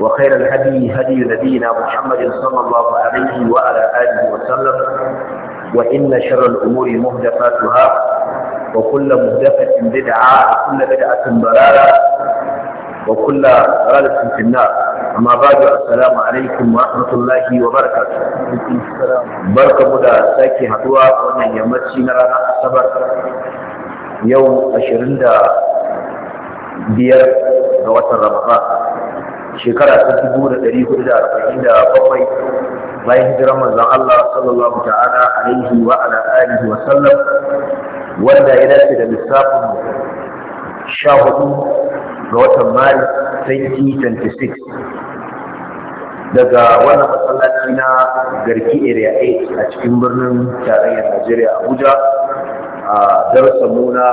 وخير الهدي هدي نبينا محمد صلى الله عليه وعلى آله وسلم وإن شر الأمور مهدفاتها وكل مهدفة بدعة وكل بدعة ضلالة وكل ضلالة في النار أما بعد السلام عليكم ورحمة الله وبركاته بركة مدى ساكي هدوى ومن يمسي نرانا السبر يوم أشرندا بير ga رمضان shekara ta dubu da ɗari hudu da arba'in da bakwai bayan hijirar manzon Allah sallallahu ta'ala alaihi wa ala alihi wa sallam wanda ya dace da lissafin sha hudu ga watan Maris 2026 daga wannan masallaci na garki area 8 a cikin birnin tarayyar Najeriya Abuja a darasin mu na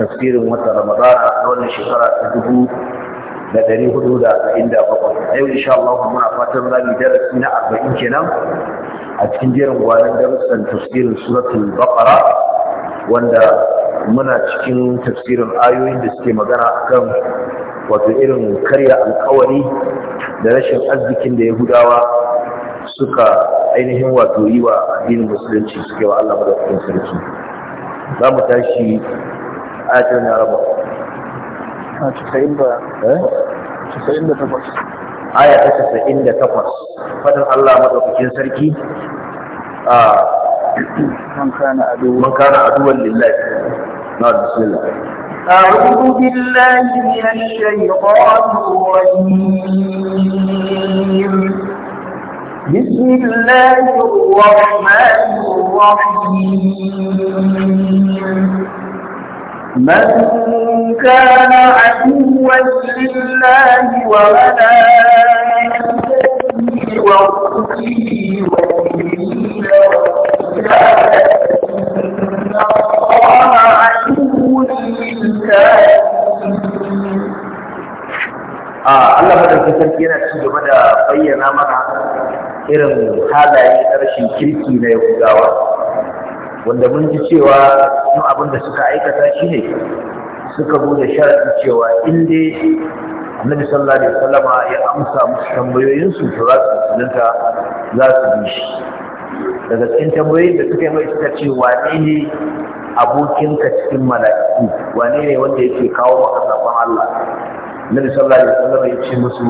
tafsirin watan Ramadana na wannan shekara ta dubu da ɗari hudu da arba'in da bakwai a yau insha Allah muna fatan za mu darasi na arba'in kenan a cikin jerin gwanin darussan tafsirin suratul baqara wanda muna cikin tafsirin ayoyin da suke magana akan wato irin karya alkawari da rashin arzikin da yahudawa suka ainihin wato yi wa addinin musulunci suke wa Allah madaukakin sarki za mu tashi ayatul na Eh? aya ta casa'in da takwas fadin Allah maɗaukakin sarki a man aduwan lillahi na bismillah أعوذ بالله من الشيطان الرجيم بسم الله الرحمن الرحيم من كان عدوا لله وملائكته ورسله والجبريل إن الله عدو للكافرين Allah madaukakin sarki yana ci gaba da bayyana mana irin halaye na rashin kirki na Yahudawa wanda mun ji cewa sun abin da suka aikata shi ne suka bude sharaɗi cewa in dai annabi sallallahu alaihi wasallama ya amsa musu tambayoyin su to za su musulunta za su bi shi daga cikin tambayoyin da suka yi mai suka ce wane ne abokinka cikin mala'iku wane ne wanda yake kawo maka sabon Allah annabi sallallahu alaihi wasallama ya ce musu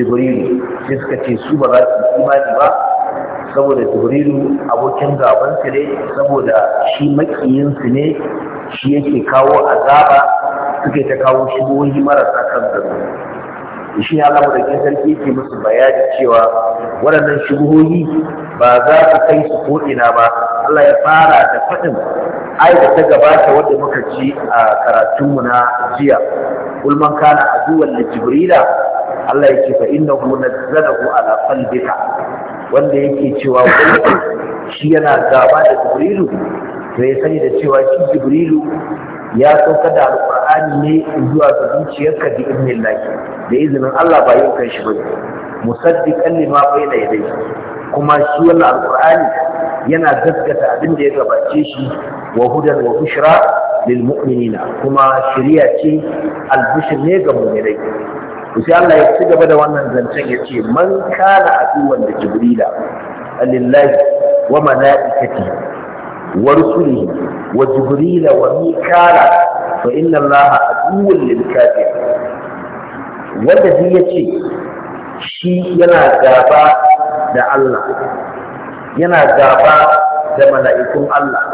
jibril sai suka ce su ba za su imani ba saboda jibrilu abokin gabansu ne saboda shi makiyinsu ne shi yake kawo azaba suke ta kawo shigohi marasa kan gano shi da ke sarki ke musu bayani cewa waɗannan shigohi ba za su kai su ko'ina ba Allah ya fara da faɗin ai da ta gabata wadda muka ci a karatunmu na jiya ulman kana aduwan da jibrila Allah ya ce fa innahu nazzalahu ala qalbika wanda yake cewa shi yana gaba da jibrilu to ya sani da cewa shi jibrilu ya sauka da alƙur'ani ne zuwa ga zuciyarka bi ibnillahi da izinin Allah ba yin kan shi ne. musaddiqan lima bayna yadayhi kuma shi wannan alƙur'ani yana gaskata abin da ya gabace shi wa hudan wa bushra lil mu'minina kuma shari'a ce albishir ne ga mu'minai sai Allah ya ci gaba da wannan zancen ya ce man kana aduwan da jibrila Alillahi wa malaikati wa rusulihi wa jibrila wa mikala fa inna allaha aduwwun lil kafir wanda zai yace shi yana gaba da Allah yana gaba da mala'ikun Allah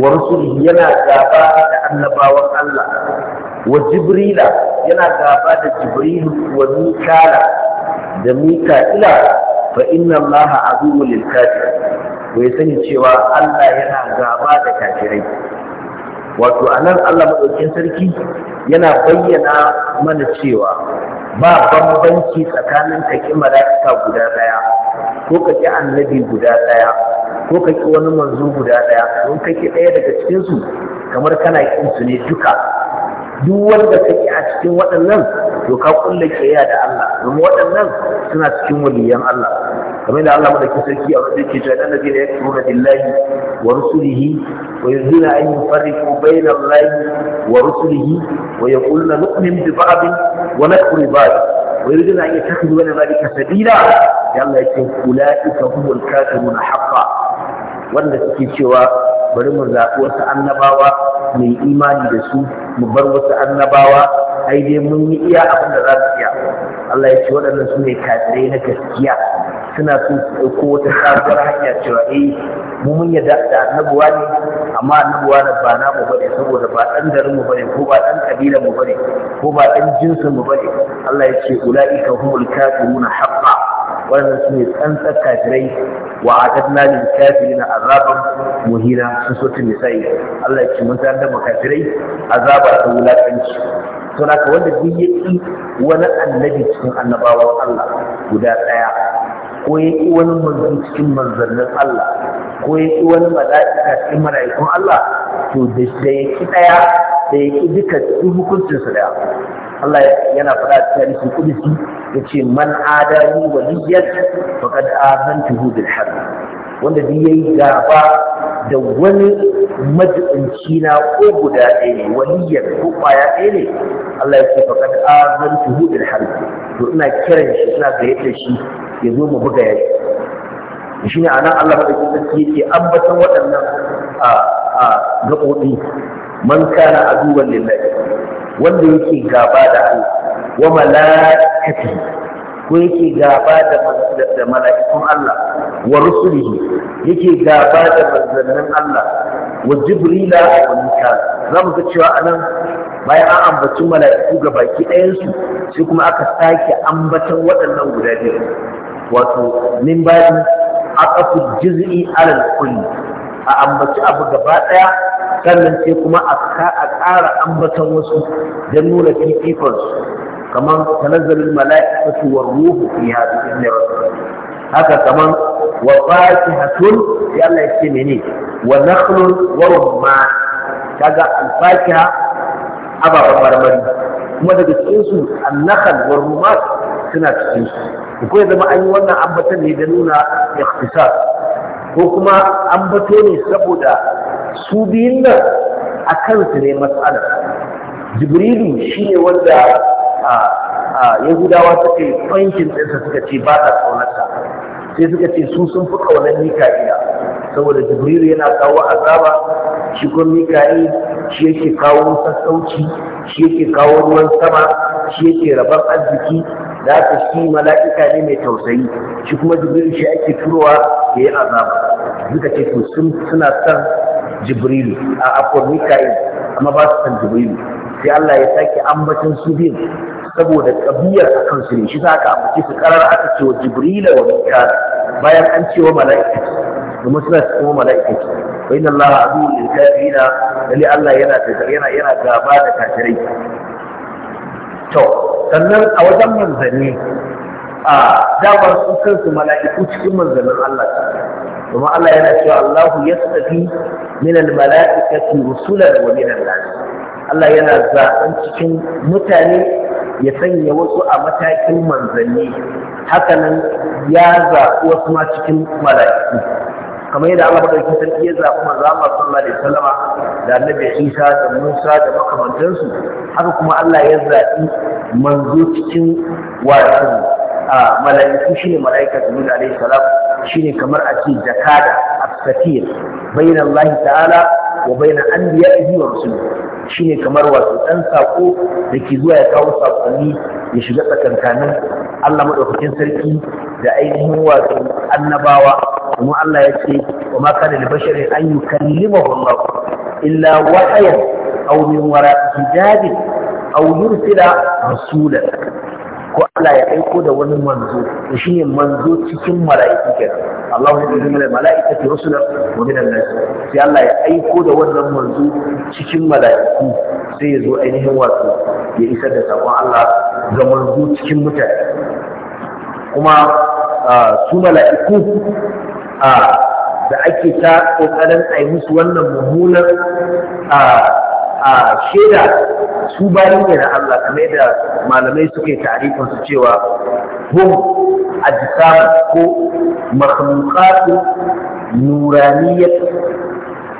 wa rusulihi yana gaba da annabawan Allah wa jibrila yana gaba da jibril wa mikala da mika'ila fa inna allaha aduwwul lil kafir to sani cewa Allah yana gaba da kafirai wato anan Allah madaukakin sarki yana bayyana mana cewa ba bambanci tsakanin kaki mala'ika guda daya ko kaki annabi guda daya ko kaki wani manzo guda daya don kaki daya daga cikin su kamar kana kin su ne duka duk wanda kake a cikin waɗannan to ka kulle kiyaya da Allah domin waɗannan suna cikin waliyan Allah kamar da Allah madaki sarki a wanda yake cewa annabi ne ya kuma billahi wa rusulihi wa yuzina an yufarriqu bayna Allah wa rusulihi wa yaquluna nu'min bi ba'd wa nakfur bi ba'd wa yuzina an yattakhidhu bayna dhalika sabila ya Allah yake ulaika humul kafiruna haqqan wanda suke cewa bari mu zaɓi wasu annabawa Mai imani da su mu bar wasu annabawa ai dai mun yi iya abin da za su iya Allah ya ce waɗannan su ne kafirai na gaskiya suna so su ɗauko wata sabuwar hanya cewa eh mu mun yadda da annabuwa ne amma annabuwa na ba na mu bane saboda ba ɗan garin mu bane ko ba ɗan ƙabilar mu bane ko ba ɗan jinsin mu bane Allah ya ce ula'ika humul kafiruna haqqa wannan su ne tsantsar kafirai wa a tattala da kafirin a azaban muhina sun sotu nisa'i Allah ya ce mun tarar da kafirai azaba ta wulaƙanci sau da wanda duk ya ƙi wani annabi cikin annabawan Allah guda ɗaya ko ya ƙi wani manzon cikin manzannin Allah ko ya ƙi wani mala'ika cikin mala'ikun Allah to da ya ƙi ɗaya da ya ƙi duka hukuncinsa ɗaya Allah yana faɗa cikin hadisin kudusi yace man adani waliyan faqad azantuhu bil harb wanda duk yayi gaba da wani majinci na ko guda ɗaya ne ko kwaya ɗaya ne Allah ya ce faqad azantuhu bil harb to ina kiran shi ina gayyata shi ya zo mu buga yayi shi ne anan Allah madaukakin sarki yake ambaton waɗannan a a gaɓoɓi man kana duban lillahi wanda yake gaba da Allah wa malaikati ko yake gaba da mala'ikun Allah wa rusulihi yake gaba da manzannin Allah wa jibrila wa mikal za mu ga cewa anan bayan an ambaci mala'iku ga baki ɗayansu sai kuma aka sake ambatan waɗannan guda biyu wato min bayan aqafu juz'i alal kulli a ambaci abu gaba ɗaya sannan sai kuma a ƙara ambaton wasu don nuna fifikonsu kamar tanazzalin mala'ikatu wa ruhu fi hadin rasul haka kamar wa hatun ya Allah ya ce mene wa nakhlun wa rumman kaga al ababen marmari kuma daga cikin su an wa suna cikin su ko ya zama an yi wannan ambatan ne da nuna ikhtisar ko kuma an bato ne saboda su biyun nan a kansu ne matsalar jibrilu shi ne wanda yahudawa suka yi fankin ɗinsa suka ce ba ta ƙaunarsa sai suka ce su sun fi ƙaunar mika'ila saboda jibrilu yana kawo azaba shi kuma mika'il shi yake kawo sassauci shi yake kawo ruwan sama shi yake rabar arziki Za haka shi mala'ika ne mai tausayi shi kuma jibril shi ake turowa ya yi azaba duka ce to suna son Jibril a akwai mika'il amma ba su san Jibril, sai Allah ya sake ambacin su biyu saboda kabiyar a kansu ne shi za ka ambace su karar aka ce wa jibrila wa mika'il bayan an ce wa mala'ika domin suna cikin mala'ika wa inna Allah abu lil lalle Allah yana yana gaba da kafirai to sannan a wajen manzanni a damar su kansu mala'iku cikin manzannin Allah domin Allah yana cewa Allahu yastafi min al-mala'ikati rusulan wa min an-nas Allah yana zaɓen cikin mutane ya sanya wasu a matakin manzanni hakanan ya zaɓi wasu ma cikin mala'iku kamar yadda Allah madaukakin sarki ya zaɓi manzo Allah sallallahu alaihi wasallama da annabi Isa da Musa da makamantansu haka kuma Allah ya zaɓi manzo cikin wato a mala'iku shine mala'ika Jibril alaihi salam shine kamar a ce jakada as-satir bainallahi ta'ala wa bayna anbiya'ihi wa Shi ne kamar wato ɗan sako da ke zuwa ya kawo sakonni ya shiga tsakankanin Allah madaukakin sarki da ainihin wato annabawa kuma Allah ya ce wa ma kana li basharin an yukallimahu Allah illa wahyan aw min wara'i hijabin aw yursila rasulan ko Allah ya aiko da wani manzo da shi ne manzo cikin mala'iku kenan Allah ya zama mala'iku rusulan wa min an-nas sai Allah ya aiko da wannan manzo cikin mala'iku sai ya zo ainihin wato ya isar da sakon Allah ga manzo cikin mutane kuma su mala'iku da ake ta kokarin a yi musu wannan mummunan a shaida su bayan ne na Allah kamar da malamai suka yi tarifin su cewa hum ajsam ko makhluqatu nuraniyar.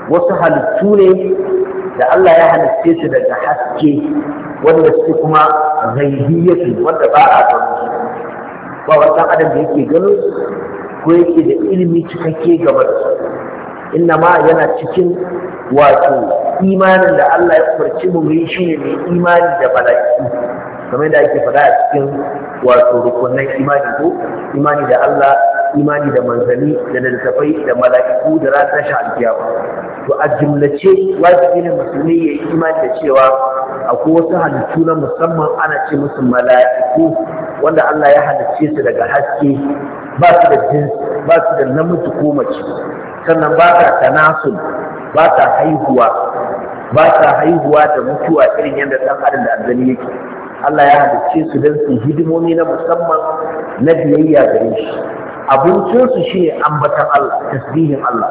wasu halittu ne da Allah ya halitte su daga haske wanda su kuma ghaibiyatu wanda ba a gano ba wannan adam da yake ganin, ko yake da ilimi cikakke game da su inna ma yana cikin wato imanin da Allah ya farci mu yi shi ne mai imani da mala'iku kamar da ake faɗa a cikin wato rukunan imani ko imani da Allah imani da manzanni da littafai da mala'iku da ranar tashi alkiyama to a jimlace wajibi ne musulmi ya yi imani da cewa akwai wasu halittu na musamman ana ce musu mala'iku wanda Allah ya halicce su daga haske ba su da jinsi ba su da namiji ko mace sannan ba ta tanasul ba ta haihuwa ba ta haihuwa da mutuwa irin yadda ɗan adam da aljani yake Allah ya halicce su don su hidimomi na musamman na biyayya gare shi abincinsu shi ne ambatan Allah tasbihin Allah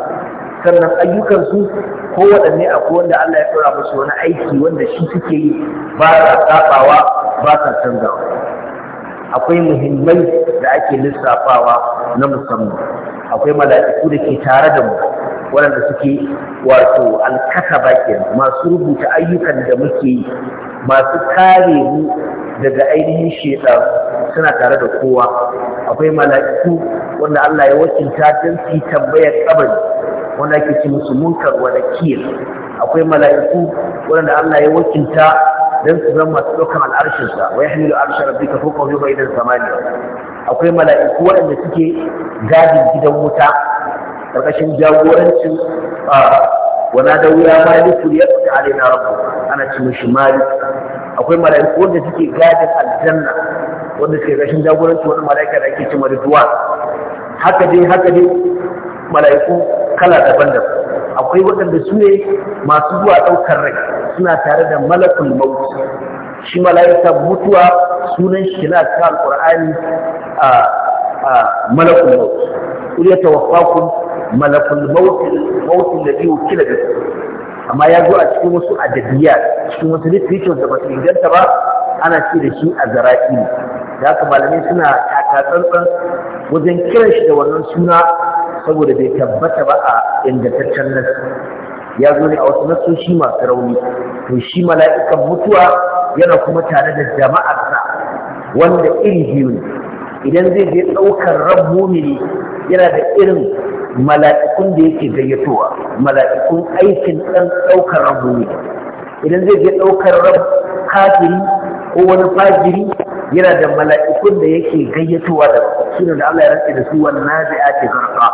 sannan ayyukansu ko waɗanne akwai wanda Allah ya tsora musu wani aiki wanda shi suke yi ba sa sabawa ba sa canzawa akwai muhimmai da ake lissafawa na musamman akwai mala'iku da ke tare da mu waɗanda suke wato alkataba ke masu rubuta ayyukan da muke yi masu kare mu daga ainihin shaitan suna tare da kowa akwai mala'iku wanda Allah ya wakilta don su tambayar kabari wanda ake ce musu munkar wa nakir akwai mala'iku wanda Allah ya wakilta dan su zama masu ɗaukar al'arshin sa wa yahmilu arsha rabbika fawqa yawma idan samaniya akwai mala'iku wanda suke gadin gidan wuta karkashin jagorancin wana da wuya maliku ya fita alaina rabbu ana ce mishi malik akwai mala'iku wanda suke gadin aljanna wanda suke karkashin jagorancin wani mala'ika da ake ce maridwan haka dai haka dai mala'iku kala daban-daban akwai waɗanda su ne masu zuwa ɗaukar rai suna tare da malakul maut shi mala'ika mutuwa sunan shi na ta alƙur'ani a malakul maut kul ya tawaffakum malakul maut maut alladhi wukila bi amma ya zo a cikin wasu adabiya cikin wasu literature da ba inganta ba ana ce da shi a zarafi da haka malamai suna taka tsantsan wajen kiran shi da wannan suna saboda bai tabbata ba a ingantaccen nasu ya zo ne a wasu shi masu rauni to shi mala'ikan mutuwa yana kuma tare da jama'arsa wanda iri biyu ne idan zai je ɗaukar ran mumini yana da irin mala'ikun da yake gayyatowa mala'ikun aikin ɗan ɗaukar ran mumini idan zai je ɗaukar ran kafiri ko wani fajiri yana da mala'ikun da yake gayyatowa da shi da Allah ya rantse da su wannan nazi'ati gharqa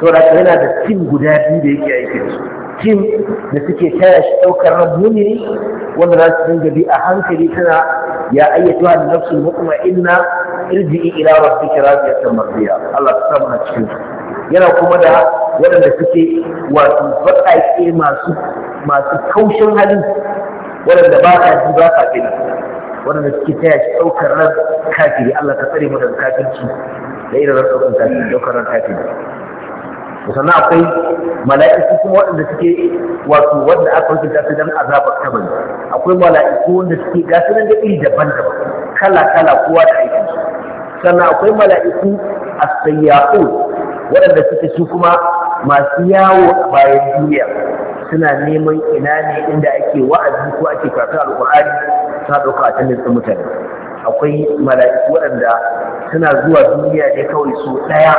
to da yana da tim guda biyu da yake aiki da su tim da suke taya shi daukar rabuni wanda za su dinga bi a hankali tana ya ayyatuha an-nafsul mutma'inna irji'i ila rabbika radiyatan mardiya Allah ta samu cikin yana kuma da waɗanda suke wato baƙaƙe masu masu kaushin hali waɗanda ba ka ji ba ka gani waɗanda suke taya shi ɗaukar ran kafiri Allah ka tsare mu daga kafirci da irin ran ɗaukar kafiri ɗaukar ran kafiri sannan akwai mala'iku kuma waɗanda suke wato wanda aka hukunta su dan azabar kabari akwai mala'iku wanda suke ga nan da iri daban-daban kala kala kowa da aikin su sannan akwai mala'iku a sayyahu waɗanda suke su kuma masu yawo a bayan duniya suna neman ina ne inda ake wa'azi ko ake karatu alƙur'ani suna ɗauka a tannin ɗin mutane akwai mala'iku waɗanda suna zuwa duniya ne kawai su ɗaya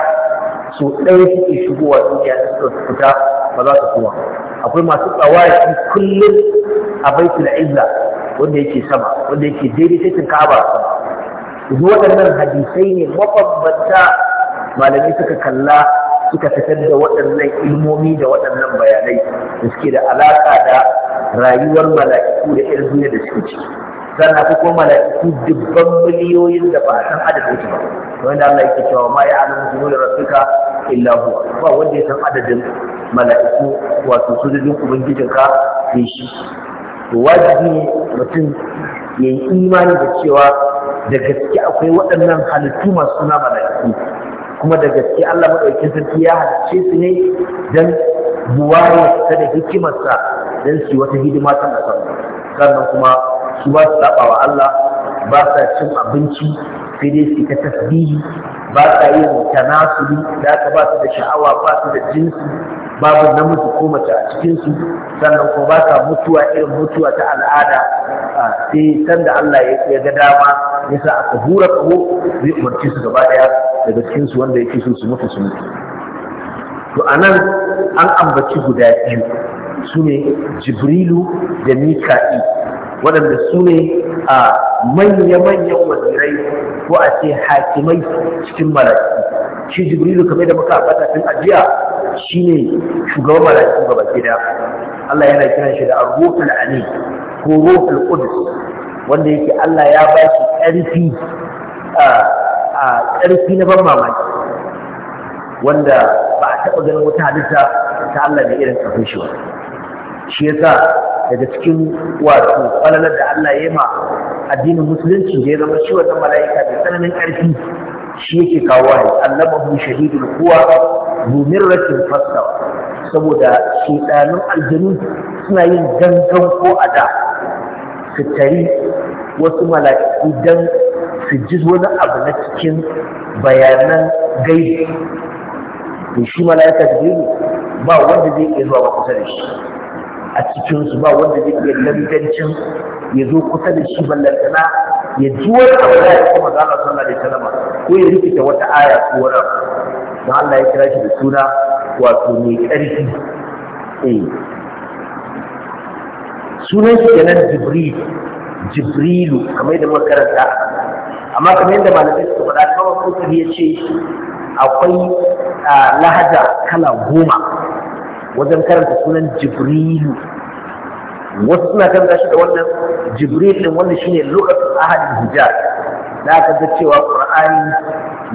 su ɗaya suke shigowa duniya da suka fita ba za su kowa. akwai masu tsawaki kullum a baitul izza wanda yake sama wanda yake daidaitin ka'aba sama duk waɗannan hadisai ne mabambanta malamai suka kalla suka fitar da waɗannan ilmomi da waɗannan bayanai da suke da alaƙa da rayuwar mala'iku da irin da suke ciki sannan ko kuma mala'iku dubban miliyoyin da ba a san adadin su ba wanda Allah yake cewa ma ya alamu da rabbika illa huwa ba wanda ya san adadin mala'iku wato sojojin ubangijinka sai shi to wajibi ne mutum ya yi imani da cewa da gaske akwai waɗannan halittu masu suna mala'iku kuma da gaske Allah maɗaukin sarki ya halicce su ne don buwaye ta da hikimarsa don su wata hidima ta musamman sannan kuma su ba su saba wa Allah ba sa cin abinci sai dai su ta tasbihi ba sa yin tanasuli da aka ba su da sha'awa ba su da jinsi babu namiji ko mace a cikin su sannan kuma ba sa mutuwa irin mutuwa ta al'ada sai sanda Allah ya ga dama sa aka hura ko zai umarci su gaba daya daga cikin su wanda yake so su mutu su mutu to anan an ambaci guda biyu su ne jibrilu da mika'i waɗanda su ne a manya-manyan wazirai ko a ce hakimai cikin malaki shi jibrilu kamar da muka ambata tun ajiya shi ne shugaban malaki gaba gida Allah yana kiran shi da arruhul ali ko ruhul qudus wanda yake Allah ya ba shi ƙarfi a ƙarfi na ban mamaki wanda ba a taɓa ganin wata halitta ta Allah da irin kafin shi wani shi yasa daga cikin wato falalar da Allah ya ma addinin musulunci da ya zama shi wannan mala'ika da tsananin ƙarfi shi yake kawo ne allamahu shahidul quwa bumirratin fasta saboda shedanun aljanu suna yin gangan ko da, su tari wasu mala'iku don su ji wani abu na cikin bayanan gaibi to shi mala'ika jibrilu ba wanda zai iya zuwa ba kusa da shi a cikinsu ba wanda zai iya gangancin ya zo kusa da shi ballantana ya ji wani abu da ya kuma zana sallah da salama ko ya rikita wata aya ko wani abu don Allah ya kira shi da suna wato mai ƙarfi eh sunan shi kenan jibril jibrilu kamar yadda muka karanta amma kamar yadda malamai suka faɗa kamar kusur ya ce akwai ah, lahaja kala goma wajen karanta sunan jibrilu wasu suna karanta shi da wannan jibril din wanda shine lokacin ahadin hijar da aka ga cewa qur'ani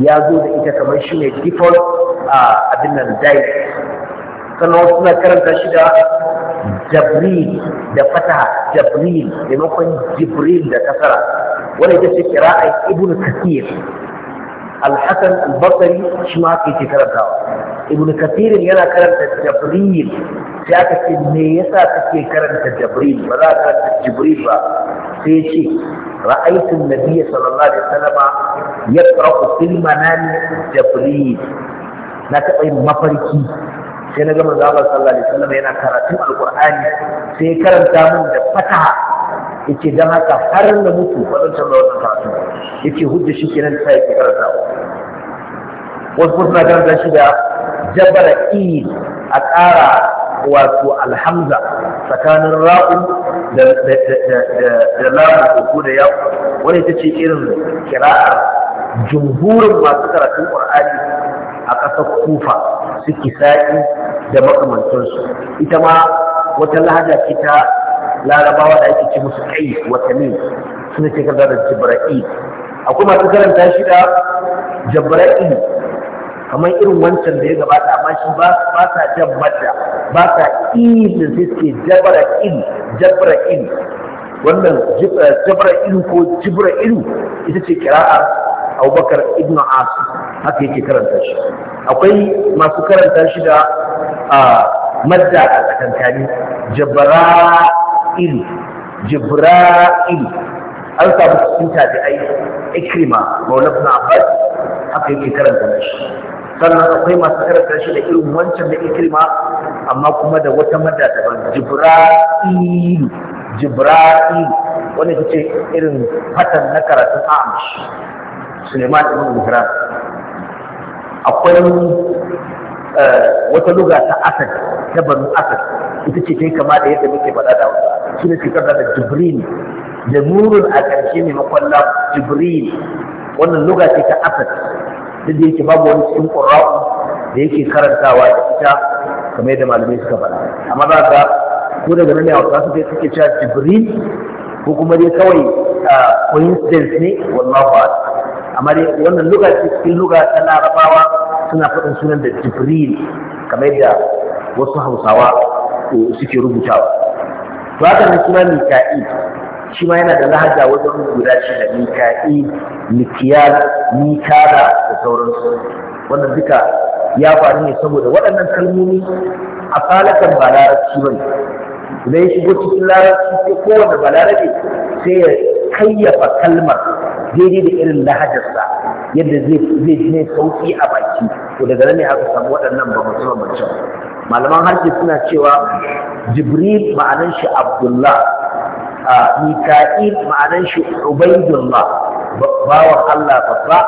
ya zo da ita kamar shine default a abin nan dai sannan wasu suna karanta shi da jabril da fataha jabril maimakon jibril da kasara wanda ita ce kira'ai ibnu kathir al-hasan al-basri shi ma haka yake karantawa ibn kafirin yana karanta jabril sai aka ce me yasa kake karanta jabril ba za ka karanta jibril ba sai ce ra'aitun Nabiya sallallahu alaihi wasallama yaqra'u fil manami jabril na taɓa yin mafarki sai na gama zaɓar sallallahu alaihi wasallam yana karatun alƙur'ani sai ya karanta min da fataha yace dan haka har na mutu wajen canza wannan karatu yace hujja shi kenan sai yake karantawa wasu kuma suna karanta shi da jabara i a ƙara wato alhamza tsakanin ra'u da lamu da yawo wani ita ce irin kira'ar jumhurin masu karatun ƙur'ani a ƙasar kufa suke sa'i da makamantansu ita ma wata lahaja ce ta larabawa da ake ce musu kai watanni suna ce karanta da jibra'i akwai masu karanta shi da jibra'i kamar irin wancan da ya gabata amma shi ba sa jan madda ba sa ili sai suke jabara in jabara in wannan jabara in ko jibra in ita ce kira'ar abubakar ibn as haka yake karanta shi akwai masu karanta shi da madda a tsakankani jabara in jibra in an samu cikin tabi'ai ikrima maulana abbas aka yi karanta da shi sannan akwai masu karanta shi da irin wancan da ikirma amma kuma da wata madda daban jibra'ilu jibra'il wanda ta ce irin fatan na karatun amish suleiman ibn mihran akwai eh, wata luga ta asad ta banu asad ita ce ta kama da yadda muke faɗa da wata shi ne suka da jibril da nurul a ƙarshe ne lam jibril wannan luga ce ta asad duk da yake babu wani cikin ƙura'u da yake karantawa da ita kamar yadda malamai suka faɗa amma za ka ko daga nan ne a wasu suke cewa jibril ko kuma dai kawai coincidence ne wallahu a'lam amma dai wannan luga ce cikin luga ta larabawa suna faɗin sunan da jibril kamar yadda wasu hausawa eh, suke rubutawa to haka ne suna mika'il shi ma yana da lahaja wajen guda shi da mika'i mikiyar mikara da sauransu wannan duka ya faru ne saboda waɗannan kalmomi a falakan ba larabci ba ne idan ya shigo cikin larabci sai kowane balarabe sai ya kayyafa kalmar daidai da irin lahajarsa yadda zai ji ne sauki a baki to daga nan ne aka samu waɗannan ba masu malaman harshe suna cewa jibril ma'anan shi abdullah mika'il ma'anan shi ubaidullah bawan Allah babba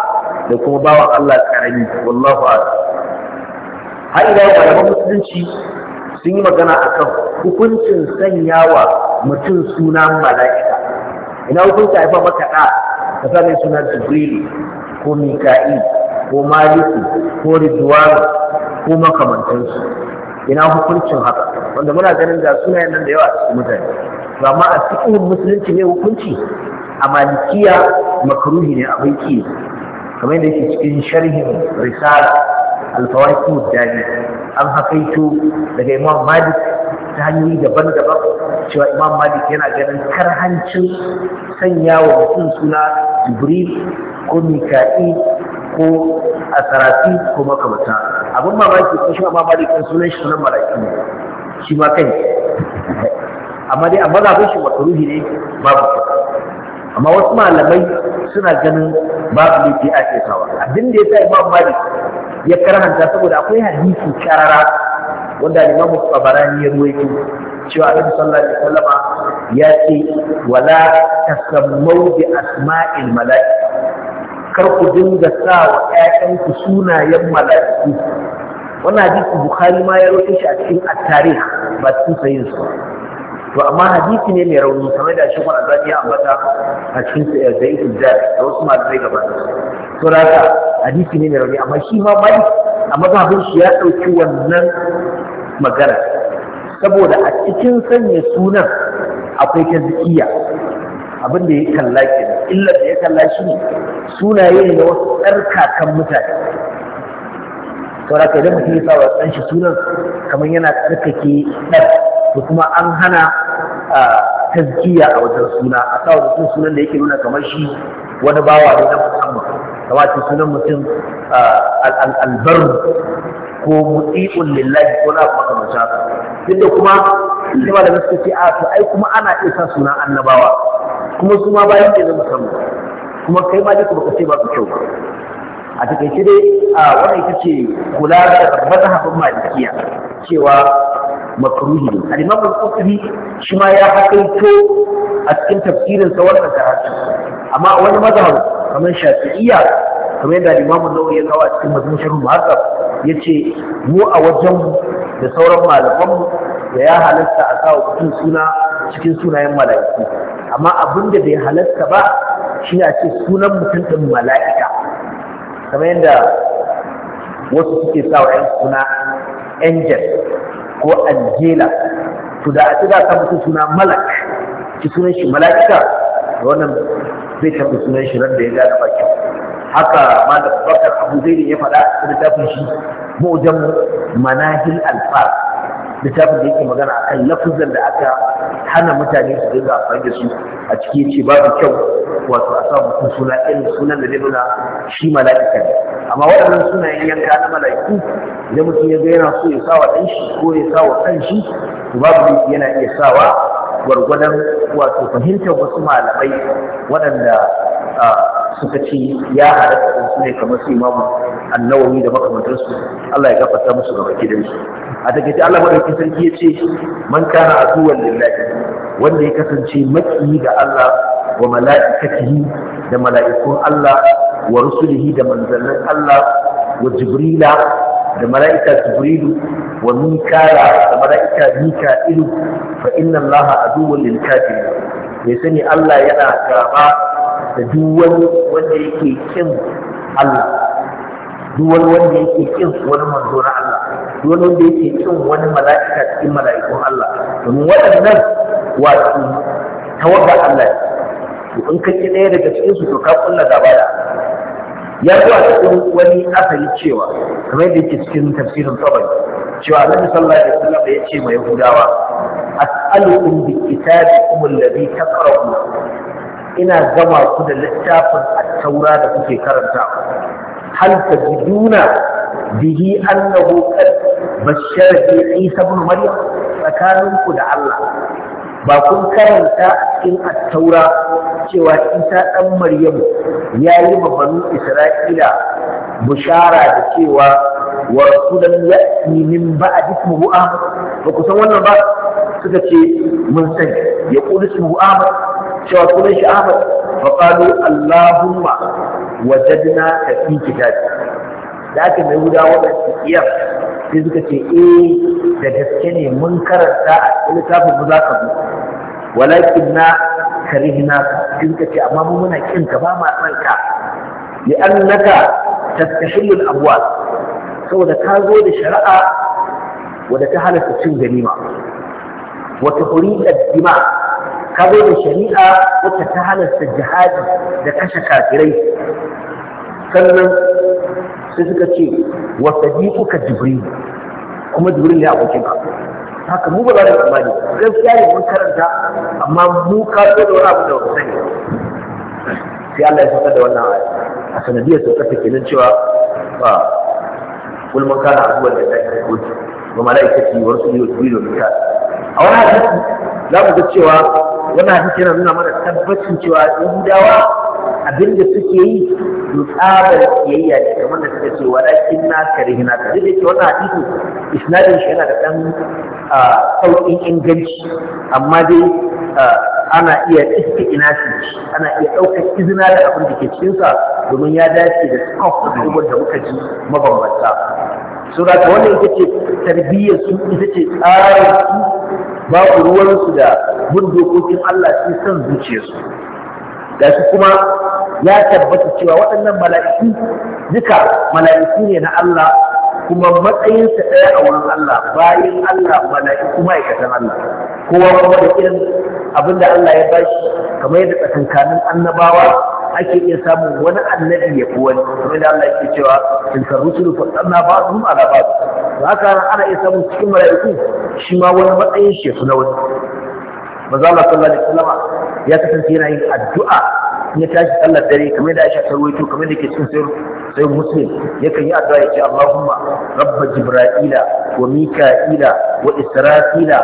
da kuma bawan Allah karami wallahu a'lam har ila malaman musulunci sun yi magana akan hukuncin sanyawa mutum sunan mala'ika ina hukunci haifa maka da ka sa suna jibril ko mika'il ko maliki ko ridwan ko makamantansu ina hukuncin haka wanda muna ganin ga sunayen nan da yawa a mutane amma a cikin musulunci ne hukunci a malikiya makaruhi ne abin ki kamar yadda yake cikin sharhin risala alfawaki dani an hakaito daga imam malik ta hanyoyi daban-daban cewa imam malik yana ganin karhancin sanya wa mutum suna jibril ko mika'i ko asarafi ko makamata abin mamaki ko shi imam malik sunan shi sunan malaki shi ma kai amma dai amma za shi makaruhi ne babu amma wasu malamai suna ganin babu laifi ake ketawa abin da sa imam malik ya karanta saboda akwai hadisi karara wanda imam tabarani ya ruwaito cewa annabi sallallahu da wasallama ya ce wala ta samu bi asma'il mala'ika kar ku dinga sa wa ƴaƴanku sunayen mala'iku wannan hadisi bukhari ma ya roƙe shi a cikin at-tarikh ba cikin sahihin to amma hadisi ne mai rauni kamar da shi kwana zaki ya ambata a cikin sayyidul eh, jari da wasu masu zai gaba to haka hadisi ne mai rauni amma shi ma mali a mazhabin shi ya ɗauki wannan magana saboda a cikin sanya sunan akwai tazkiya abin da ya kalla kenan illar da ya kalla shi ne sunaye ne na wasu tsarkakan mutane saura ka idan mutum ya sa wa ɗan shi sunan kamar yana tsarkake ɗan da kuma an hana tazkiya a wajen suna a sa mutum sunan da yake nuna kamar shi wani bawa ne na musamman kama ce sunan mutum al'albar ko mutsi'un lillahi ko na kuma kamar haka da kuma shi ba da gaske ce a to ai kuma ana iya sa sunan annabawa kuma su ma bayan ne na musamman kuma kai ma duka baka ce ba su kyau ba a takaice dai a wannan ita ce kula da mazhabin malikiya cewa makruhi ne al-imam al-qurtubi shi ma ya hakaito a cikin tafsirin sa wannan karatu amma wani mazhab kamar shafi'iyya kamar yadda al-imam an-nawawi ya kawo a cikin mazmun sharh muhassab yace mu a wajen da sauran malaman da ya halatta a sa mutum suna cikin sunayen mala'iku amma abin da bai halatta ba shi a ce sunan mutum din mala'ika kamar yadda wasu suke sa wa 'yan suna angel ko angela to da a ci za ka mutu suna malak ki sunan shi malakika da wannan zai tafi sunan shi ran da ya gane baki haka malam bakar abu zaini ya faɗa a littafin shi mu'jam manahil alfar littafin da yake magana a kan lafuzan da aka hana mutane su dinga amfani da su a ciki ce babu kyau wato a samu mutum suna irin sunan da zai nuna shi mala'ika ne amma waɗannan sunayen yanka na mala'iku idan mutum ya ga yana so ya sawa ɗan shi ko ya sawa kan shi to babu yana iya sawa gwargwadon wato fahimtar wasu malamai waɗanda suka ci ya halatta su ne kamar su imamu annawawi da makamantarsu Allah ya gafarta musu gaba gidansu a takaice Allah madaukakin sarki ya ce man kana aduwan lillahi wanda ya kasance makiyi ga Allah wa mala'ikatihi da mala'ikun Allah wa rusulihi da manzannin Allah wa jibrila da mala'ika jibrilu wa mikala da mala'ika mika'ilu fa inna allaha aduwwul lil kafirin ya sani Allah yana gaba da duk wanda yake kin Allah duk wani wanda yake kin wani manzo na Allah duk wani wanda yake kin wani mala'ika cikin mala'ikun Allah domin waɗannan wato tawabba Allah to in ka ki ɗaya daga cikin su to ka kulla gaba da ya zo a cikin wani asali cewa kamar yadda yake cikin tafsirin tabari cewa Annabi sallallahu alaihi wasallam ya ce ma Yahudawa as'alukum bi kitabikum alladhi taqra'un ina gama ku da littafin at-taura da kuke karanta hal biduna bihi annahu qad bashara Isa ibn Maryam tsakaninku da Allah ba kun karanta cikin at-taura cewa Isa dan Maryam ya yi banu Isra'ila bushara da cewa wa rasulan ya'ti min ba'di ismihi Ahmad ba ku san wannan ba suka ce mun sani ya qulu ismihi Ahmad cewa sunan shi Ahmad fa qalu Allahumma wajadna ka fi kitabi da aka mai guda wadansu iya sai suka ce eh da gaske ne mun karanta a littafin mu za ka zo walakin na karihna sai suka ce amma mu muna kin ka ba ma san ka li annaka tastahillu al saboda ka zo da shari'a wadda ta halatta cin ganima wata huri dima ka zo da shari'a wacce ta halasta jihadi da kashe kafirai sannan sai suka ce wa sadiquka jibril kuma jibril ne abokin ka haka mu ba za mu imani gaskiya ne mun karanta amma mu ka zo da wani abu da wata sani sai Allah ya saka da wannan aya a sanadiyar sauka ta kenan cewa ba kul man kana abuwan da ya kai wa malaikati wa rusuli wa jibril wa mikal a wani hadisi za mu ga cewa wannan hadisi yana nuna mana tabbacin cewa yahudawa abinda suke yi to tsabar kiyayya ne kamar da suka ce walakin na karihi na da ke wannan hadisi isnadin shi yana da dan sauƙin inganci amma dai ana iya iska ina shi ana iya ɗaukar izina da abin da ke cikinsa domin ya dace da scope da da muka ji mabambanta. Sura ta wannan ita ce tarbiyyar su ita ce tsarin su babu ruwansu da bin dokokin Allah sai san zuciyarsu da su kuma ya tabbata cewa waɗannan mala'iku duka mala'iku ne na Allah kuma matsayinsa ɗaya a wurin Allah bayan Allah mala'iku ma'aikatan Allah kowa kuma da irin abinda Allah ya bashi kamar yadda tsakankanin annabawa ake iya samun wani annabi ya fi wani kuma da Allah ke cewa in tilka rusulu ba su ala ba'd haka ana iya samun cikin mala'iku shi ma wani matsayin shi na wani maza Allah sallallahu alaihi wasallam ya kasance yana yin addu'a ya tashi sallar dare kamar da Aisha ta rawaito kamar da ke cikin sai Muslim yakan yi addu'a ya ce Allahumma rabba Jibra'ila wa Mika'ila wa Israfila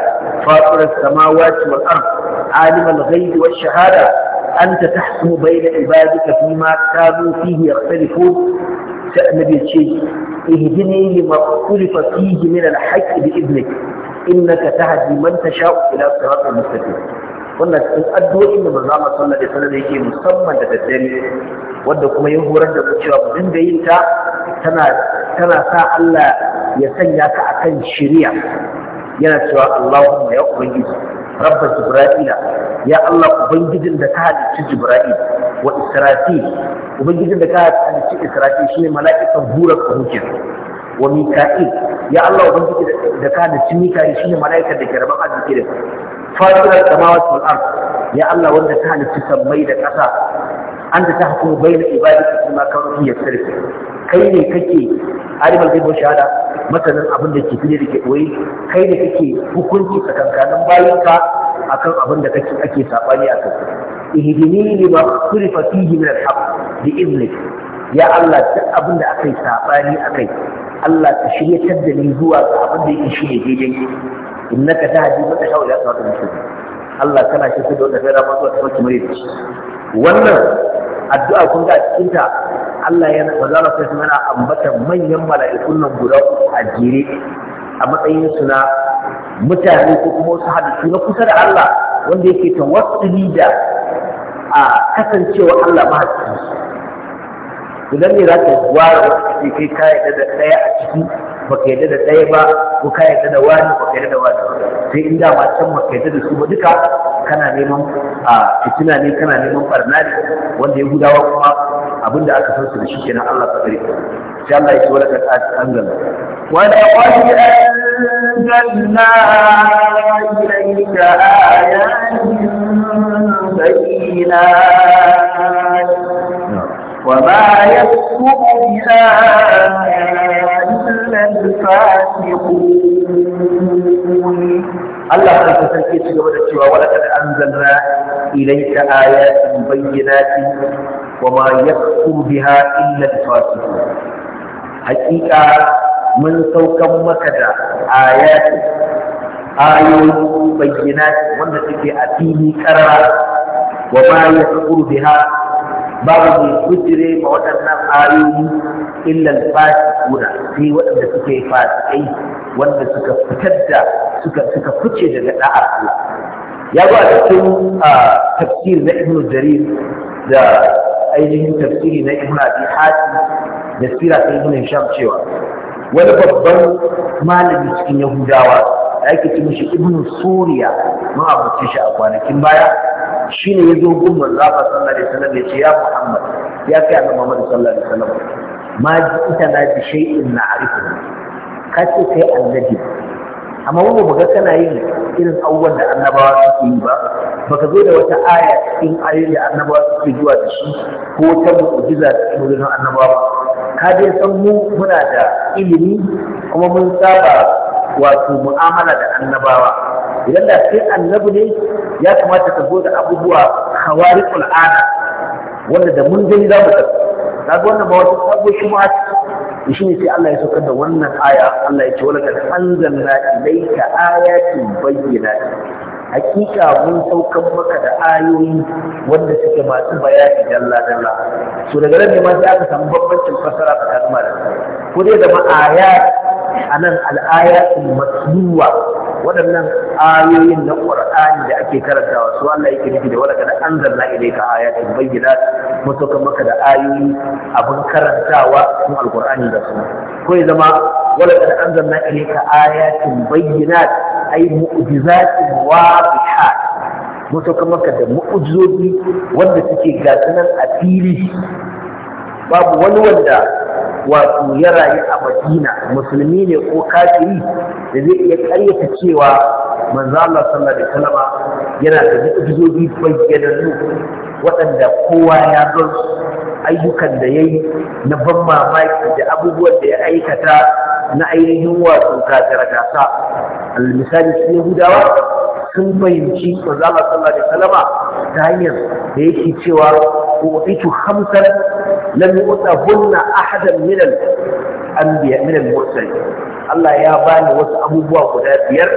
fatir samawati wal ard alim al ghaib wa shahada anta tahkumu bayna ibadika fima kanu fihi yakhtalifun sai annabi ya ce ihdini lima ikhtalafa fihi min al haqq bi idnik innaka tahdi man tasha'u ila siratin mustaqim wannan cikin addu'o'in da manzo Allah sallallahu alaihi wasallam yake musamman da daddare wanda kuma ya horar da mu cewa mu dinga yin ta tana tana sa Allah ya sanya ka akan shari'a yana cewa Allahumma ya ubangiji rabba jibra'ila ya Allah ubangijin da ka halicci jibra'il wa israfil ubangijin da ka halicci israfil shine mala'ikan hura kahukin wa mika'il ya Allah ubangijin da ka halicci mika'il shine mala'ikan da ke rabon arziki da ku. fatirar samawati wal ya Allah wanda ta halitta sammai da ƙasa anta tahkumu baina ibadika kuma kanu fi yasrifu kai ne kake alimul ghaibi shahada masanin abin da ke fili da ke kai ne kake hukunci tsakankanin bayinka akan abin da kake ake sabani akan ihdini lima khurifa fihi min al-haq bi ya Allah duk abin da akai sabani akai Allah ka shirya da zuwa ga abin da yake shine daidai innaka tahdi man tasha ila siratal mustaqim Allah kana shi da wanda kai rama zuwa tafarki mai da shi wannan addu'a kun ga cikin ta Allah yana wazara sai kuma yana ambata manyan mala'ikun nan guda a jere a matsayin su na mutane ko kuma wasu halittu na kusa da Allah wanda yake tawassuli da a kasancewa Allah mahaifinsu idan ne za ka gwara kai kai da daya a ciki baka yadda da ɗaya ba ko ka yadda da wani baka yadda da wani sai in da ma can baka yadda da su ba duka kana neman a fitina ne kana neman barna ne wanda ya gudawa kuma abinda aka san su da shi kenan Allah ta kare sai Allah ya ci wala kad anzalna wa la anzalna ilayka ayatin bayyinatin وما يكفر بها إلا الفاسقون الله تعالى سلكي تجربة الشوى ولقد أنزلنا إليك آيات بينات وما يكفر بها إلا الفاسقون حقيقة من سوكم مكدا آيات آيات بينات وانا تكي أتيني كرا وما يكفر بها babu mai kujire ma waɗannan ayoyi illal fasikuna sai waɗanda suke fasikai wanda suka fitar da suka suka fice daga da'ar Allah ya zo cikin tafsir na Ibnu Jarir da ainihin tafsiri na Ibn Abi Hatim da sira ta Ibn Hisham cewa wani babban malami cikin Yahudawa da ake cin shi Ibn Suriya ma abuce shi a kwanakin baya ne ya zo gun manzo sallar da sanar da ce ya Muhammad ya kai annabi Muhammad sallar da wasallam ma ita na bi na na'rifu ka ce kai annabi amma mu baka kana yin irin abubuwan da annabawa suke yi ba baka zo da wata aya cikin ayoyin da annabawa suke zuwa da shi ko ta mu'jiza cikin wurin annabawa ka dai san mu muna da ilimi kuma mun saba wato mu'amala da annabawa idan da sai annabi ne ya kamata ka zo da abubuwa khawariqul al'ada. wanda da mun gani za mu tafi kaga wannan ba wata sabo shi ma shi ne sai Allah ya saukar da wannan aya Allah ya ce wala kad anzalna ilayka ayatin bayyinat hakika mun saukar maka da ayoyi wanda suke masu bayani dalla dalla so daga nan ne ma sai aka samu bambancin fasara ta malamai ko dai da ma ayat a nan al'ayatun matluwa waɗannan ayoyin na ƙwar'ani da ake karantawa su Allah yake nufi da wadda da an zanna ilai ka ayatun bayyana mutukan maka da ayoyi abin karantawa sun alƙur'ani da suna ko ya zama wadda da an zanna ilai ka ayatun bayyana ai mu'jizatin wadihat mutukan maka da mu'jizobi wanda suke gasunan a fili babu wani wanda wato ya rayu a madina musulmi ne ko kafiri da zai iya ƙaryata cewa manzo Allah sallallahu alaihi wasallam yana da mu'jizoji bayyanannu waɗanda kowa ya zo su ayyukan da ya yi na ban mamaki da abubuwan da ya aikata na ainihin wato gasa almisali su yahudawa sun fahimci manzo Allah sallallahu alaihi ta hanyar da yake cewa utitu khamsan lam yu'tahunna ahadan min al-anbiya min al-mursalin Allah ya bani wasu abubuwa guda biyar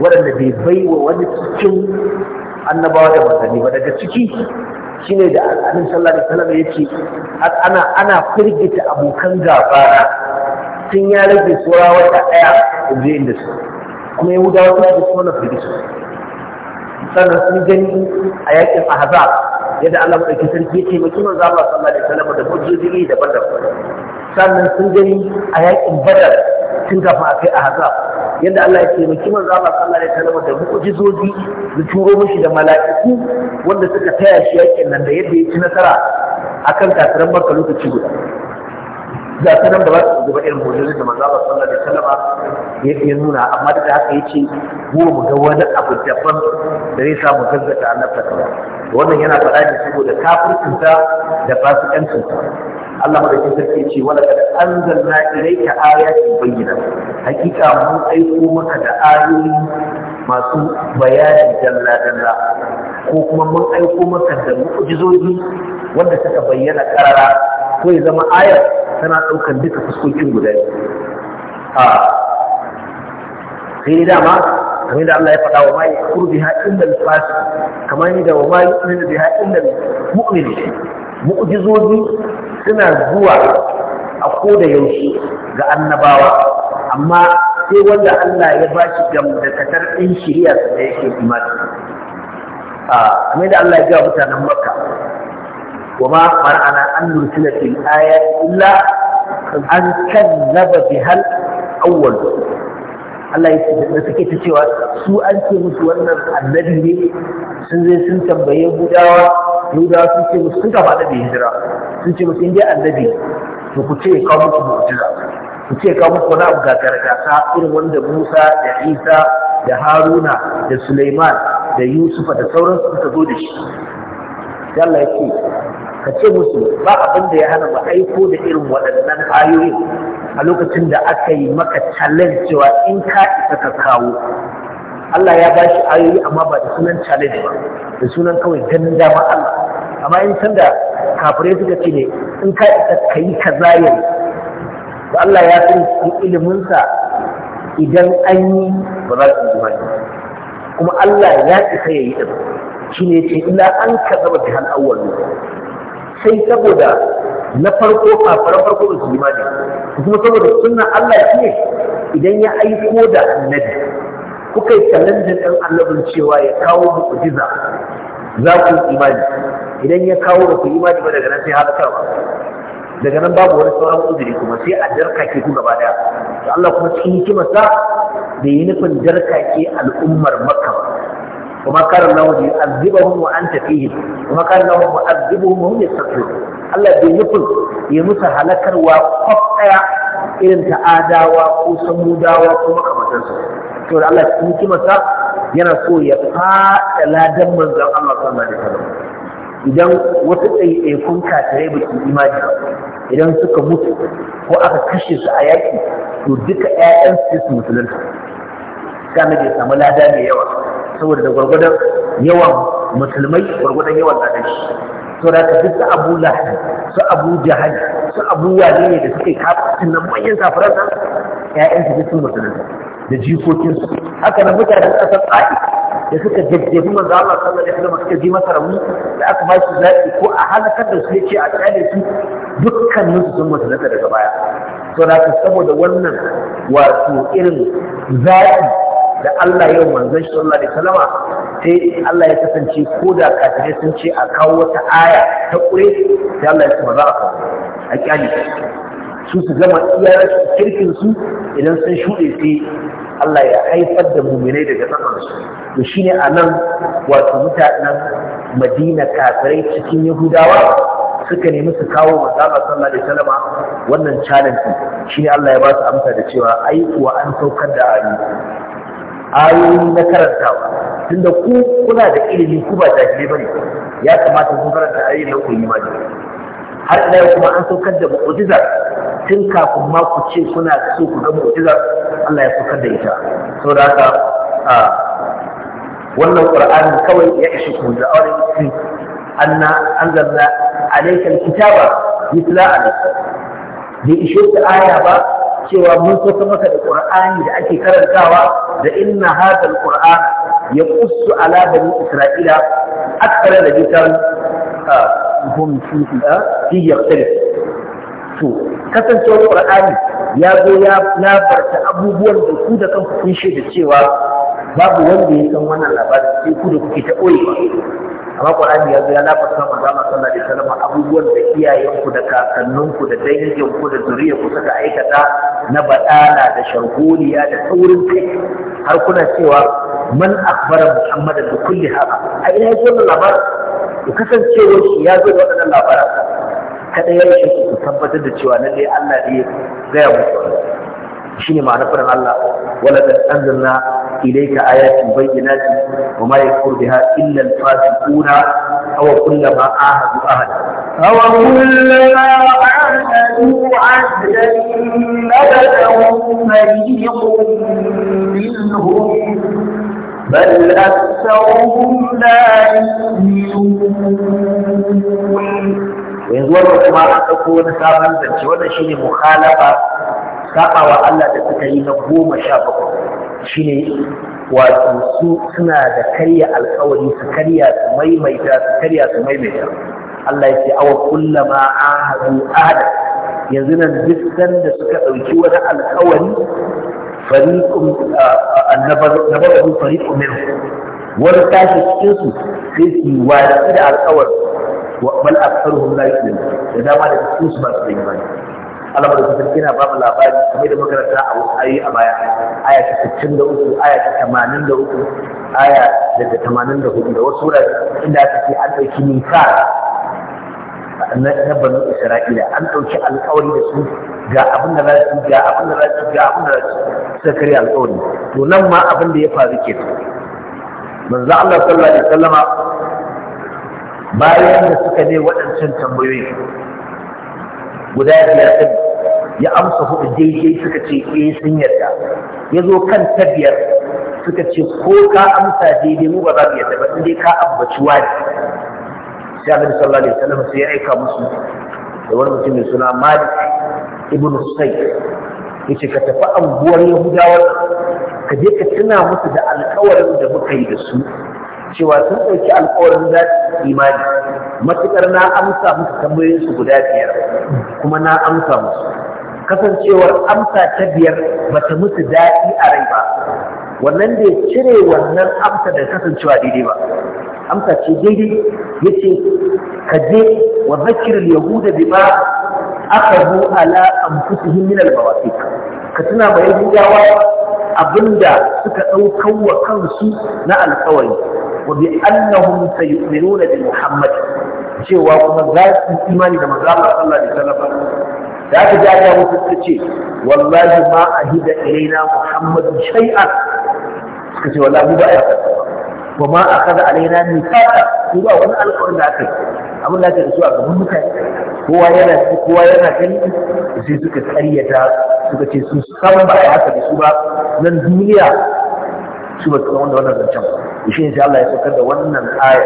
waɗanda bai baiwa wani cikin annabawa da manzanni ba daga ciki ne da al'adun sallallahu alaihi wasallam yake ana ana firgita abokan gaba tun ya rage tsora wata daya inda inda su kuma yahudawa sun da su wannan firgita sannan sun gani a yakin ahzab yadda Allah ɗauki sarki ya taimaki manzo Allah sallallahu alaihi wasallam da mujizoji daban-daban sannan sun gani a yakin badar tun kafin a kai ahzab yadda Allah ya taimaki manzo Allah ya alaihi da mu'jizozi da turo mishi da mala'iku wanda suka taya shi yakin nan da yadda ya ci nasara akan kafiran Makka lokaci guda ga ta nan ba su gaba irin mu'jizar da manzo Allah sallallahu alaihi wasallam ya nuna amma da haka yace mu mu ga wani abu daban da zai sa mu gazzata a sallallahu wannan yana faɗa ne saboda kafircinta da fasikancinta Allah madaukin sarki ce wala kad anzalna ilayka ayatin bayyinat hakika mun aiko maka da ayoyi masu bayani dalla dalla ko kuma mun aiko maka da mu'jizoji wanda suka bayyana karara ko ya zama ayar tana daukan duka fuskokin guda a sai dama kamar da Allah ya faɗa wa ma yakuru biha illa al-fasiq kamar da wa ma yu'minu biha illa al-mu'min mu'jizoji suna zuwa a ko da yaushe ga annabawa amma sai wanda Allah ya ba shi gamdakatar ɗin shirya da yake imani a kamar da Allah ya ga mutanen makka wa ma far'ana an nursila fil ayat illa an kazzaba hal awwal Allah ya ce da ta cewa su an ce musu wannan annabi ne sun zai sun tambaye gudawa yahudawa sun ce musu sun gaba da hijira sun ce musu in annabi to ku ce kawo muku mu'jiza ku ce kawo muku wani abu gagargasa irin wanda musa da isa da haruna da suleiman da yusufa da sauransu suka zo da shi yalla yake ka ce musu ba abin da ya hana mu aiko da irin waɗannan ayoyi a lokacin da aka yi maka challenge cewa in ka isa ka kawo Allah ya ba shi ayoyi amma ba da sunan challenge ba da sunan kawai ganin dama Allah amma in san da kafirai suka ce ne in ka isa ka yi ka yau to Allah ya san yi iliminsa idan an yi ba za su yi kuma Allah ya isa ya yi shi ne ce ina an kaza ba bihal awwal sai saboda na farko kafaran farko da su yi kuma saboda sunna Allah shi ne idan ya aiko da annabi kuka yi challenge ɗan annabin cewa ya kawo mu'jiza za ku imani idan ya kawo da ku imani ba daga nan sai halakarwa daga nan babu wani sauran uzuri kuma sai a jarkake ku gaba daya to Allah kuma cikin hikimarsa da yi nufin jarkake al'ummar makka kuma kar Allah wa yu'azzibahum wa anta fihi kuma kar Allah wa yu'azzibahum wa hum yastaghfirun Allah bai nufin ya musu halakarwa kwaf daya irin ta adawa ko samudawa ko makamantansu saboda Allah cikin hikimarsa yana so ya fada ladan manzon Allah sallallahu alaihi wasallam idan wasu ɗaiɗaikun kafirai ba su imani ba idan suka mutu ko aka kashe su a yaƙi to duka ƴaƴan su su musulunta kana bai samu lada mai yawa saboda da gwargwadon yawan musulmai gwargwadon yawan ladan shi to da ka duk abu lahabi su abu jahali su abu wane ne da suke kafin nan manyan kafiran nan ƴaƴan su duk sun musulunta da jikokinsu haka nan mutanen ƙasar tsa'i da suka jajjabi manzo Allah sallallahu alaihi wasallam suka ji masa rauni da aka ba shi zaki ko a halakar da su yake a tsare su dukkanin su sun mutu na daga baya to da saboda wannan wato irin zaki da Allah ya manzo shi sallallahu alaihi wasallam sai Allah ya kasance ko da kafirai sun ce a kawo wata aya ta kure sai Allah ya ce ba za a kawo a kyale su su gama iya kirkin su idan sun shuɗe sai Allah ya haifar da muminai daga saman su to shine a nan wato mutanen Madina kafirai cikin Yahudawa suka nemi su kawo manzala sallah da salama wannan challenge shine Allah ya ba su amsa da cewa ai kuwa an saukar da ayoyi ayoyi na karantawa tunda ku kuna da ilimi ku ba jahilai bane ya kamata ku karanta ayoyin nan ku yi imani har ila kuma an saukar da mu'jiza tun kafin ma ku ce kuna so ku ga mu'jiza Allah ya saukar da ita saboda haka wannan qur'ani kawai ya ishe ku da aure ki anna anzalna alayka alkitaba yutla alayka bi ishe ta aya ba cewa mun sauka maka da qur'ani da ake karantawa da inna hadha alqur'ana yaqussu ala bani isra'ila akthara da bitan hum fi yaqtalif to kasancewar qur'ani ya zo ya labarta abubuwan da ku da kanku kun shaida cewa babu wanda ya san wannan labari sai ku da kuke ta koyewa amma qur'ani ya zo ya labarta manzo Allah sallallahu alaihi wasallam abubuwan da iyayenku da kakanninku da danginku da zuriyarku suka aikata na badala da sharholiya da saurin kai har kuna cewa man akhbara muhammadan bi kulli hada a ina yake wannan labarin to kasancewar shi ya zo da waɗannan labaran kada ya yi su tabbatar da cewa lallai Allah ne ya gaya musu shi ne ma'anar faɗin Allah wala qad anzalna ilayka ayatin bayyinatin wa ma yakfur biha illa al-fasiquna aw kullama ahadu ahada aw kullama ahadu ahdan nabadahu fariqun minhum بل أكثرهم لا يؤمنون yanzu wanda kuma an ɗauko wani sabon zance wannan shine mukhalafa sabawa Allah da suka yi na goma sha bakwai shine wato su suna da karya alkawari su karya su maimaita su karya su maimaita Allah ya ce awa kullama ahadu ahada yanzu nan duk sanda suka ɗauki wani alkawari fariqum annabahu fariqum minhum wani tashi cikin su sai su watsi da alƙawar bal aktsaruhum la da dama da cikin su ba su yi ba. Allah da kusa kina ba mu labari kamar da makaranta a ayi a baya aya ta 63 aya ta 83 aya daga 84 da wasu wurare inda aka ce an ɗauki nikah na banu isra'ila an ɗauki alkawari da su ga abin da za su ga abin da za su ga abin da za su suka karya alkawari to nan ma abin da ya faru ke manzo Allah sallallahu alaihi wasallama bayan da suka ne waɗancan tambayoyi guda biyar din ya amsa hudu daidai suka ce eh sun yarda ya zo kan tabiyar suka ce ko ka amsa daidai mu ba za mu yarda ba in dai ka ambaci wani sai annabi sallallahu alaihi wasallam sai ya aika musu da wani mutum mai suna Malik ibn Sayyid yace ka tafi anguwar Yahudawa ka je ka tuna musu da alƙawarin da muka yi da su cewa sun ɗauki alƙawarin za su imani matuƙar na amsa musu tambayoyinsu guda biyar kuma na amsa musu kasancewar amsa ta biyar bata musu daɗi a rai ba wannan bai cire wannan amsa da kasancewa daidai ba amsa ce daidai yace ka je wa zakir al ba akabu ala anfusihim min al ka tuna ba yahudawa abinda suka ɗaukan wa kansu na alkawari wa bi annahum nuna bi muhammad cewa kuma za su imani da manzo Allah sallallahu alaihi da aka ja aka musu suka ce wallahi ma ahida ilaina muhammad shay'an suka ce wallahi ba ya wa ma a kaza alaina mai kata ko ba wani alƙawarin da aka yi abin da aka da su a gaban mutane kowa yana kowa yana gani sai suka karyata suka ce sun san ba a haka da su ba nan duniya su ba su da wannan zancen ba shi ne sai Allah ya saukar da wannan aya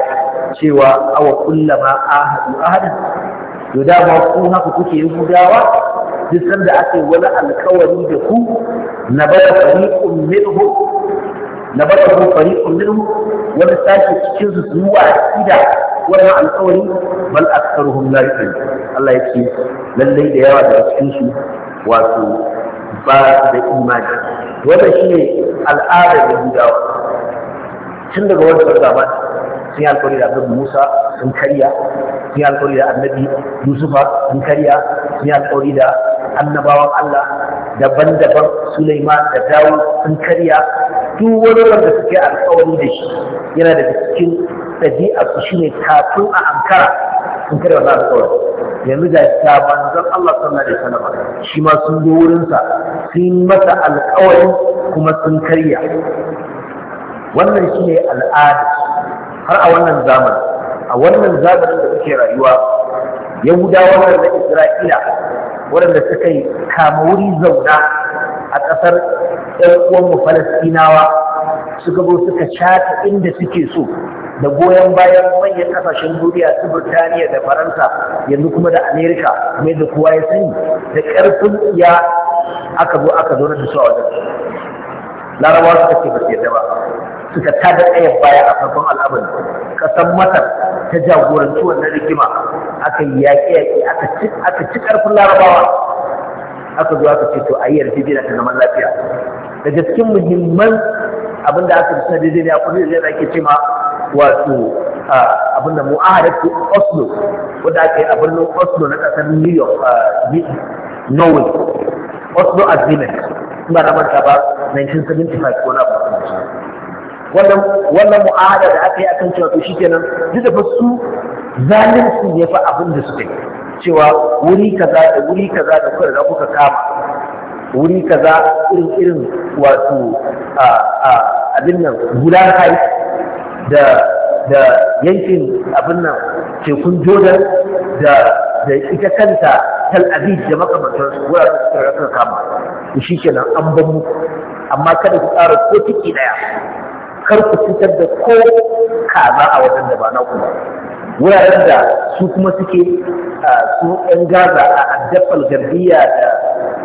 cewa awa kullama ahadu ahadin to dama ku haka kuke yahudawa duk sanda aka yi wani alƙawari da ku na bada fariqun minhum na bada ko fariqun minhum wanda sashi cikin su su wa akida wannan alƙawari bal aktsaruhum la yu'min Allah ya ce lalle da yawa daga cikin su wato ba da imani wannan shine da Yahudawa tun daga wannan zaman sun yi alƙawari da Annabi Musa sun karya sun yi alƙawari da Annabi Yusufa sun karya sun yi alƙawari da annabawan Allah daban-daban Suleiman da Dawud sun karya duk wani wanda suke alƙawari da shi yana da cikin ɗabi'a su shine kafin a ankara sun karya wannan alƙawari yanzu da ta manzon Allah sallallahu alaihi wasallam shi ma sun zo wurin sa sun masa alƙawari kuma sun karya wannan shine al'ada har a wannan zamanin a wannan zamanin da suke rayuwa yahudawa da isra'ila waɗanda suka yi kama wuri zauna a ƙasar ‘yan uwanmu falastinawa suka zo suka cata inda suke so da goyon bayan manyan ƙasashen duniya su Burtaniya da Faransa yanzu kuma da Amerika mai da kowa ya sani da ƙarfin ya aka zo aka zo da su a wajen larabawa suka ce ba su yadda ba suka tada ɗayan baya a farkon al'amari kasan masar ta jagoranci wannan rigima aka yi yaƙi yaƙi aka ci ƙarfin larabawa aka zo aka ce to a yi yarjejeniya ta zaman lafiya daga cikin muhimman abin da aka fi sanar daidai ne a kudin da ake ce ma wato abin da mu'ahadatu oslo wadda aka yi a birnin oslo na ƙasar new york norway oslo agreement ba na manta ba 1975 ko na wannan wannan mu'ada da aka yi akan cewa to shikenan duk da su zalunci ne fa abin da suka yi cewa wuri kaza da wuri kaza da kuka da kuka kama wuri kaza irin irin wato a a abin nan gulan kai da da yankin abin nan tekun jordan da da ita kanta Tel Aviv da makamantar wuraren da suka kama shi kenan an ban muku amma kada ku ƙara ko ciki ɗaya kar ku fitar da ko kaza a wajen da ba na kuma wuraren da su kuma suke su ɗan gaza a addafal garbiya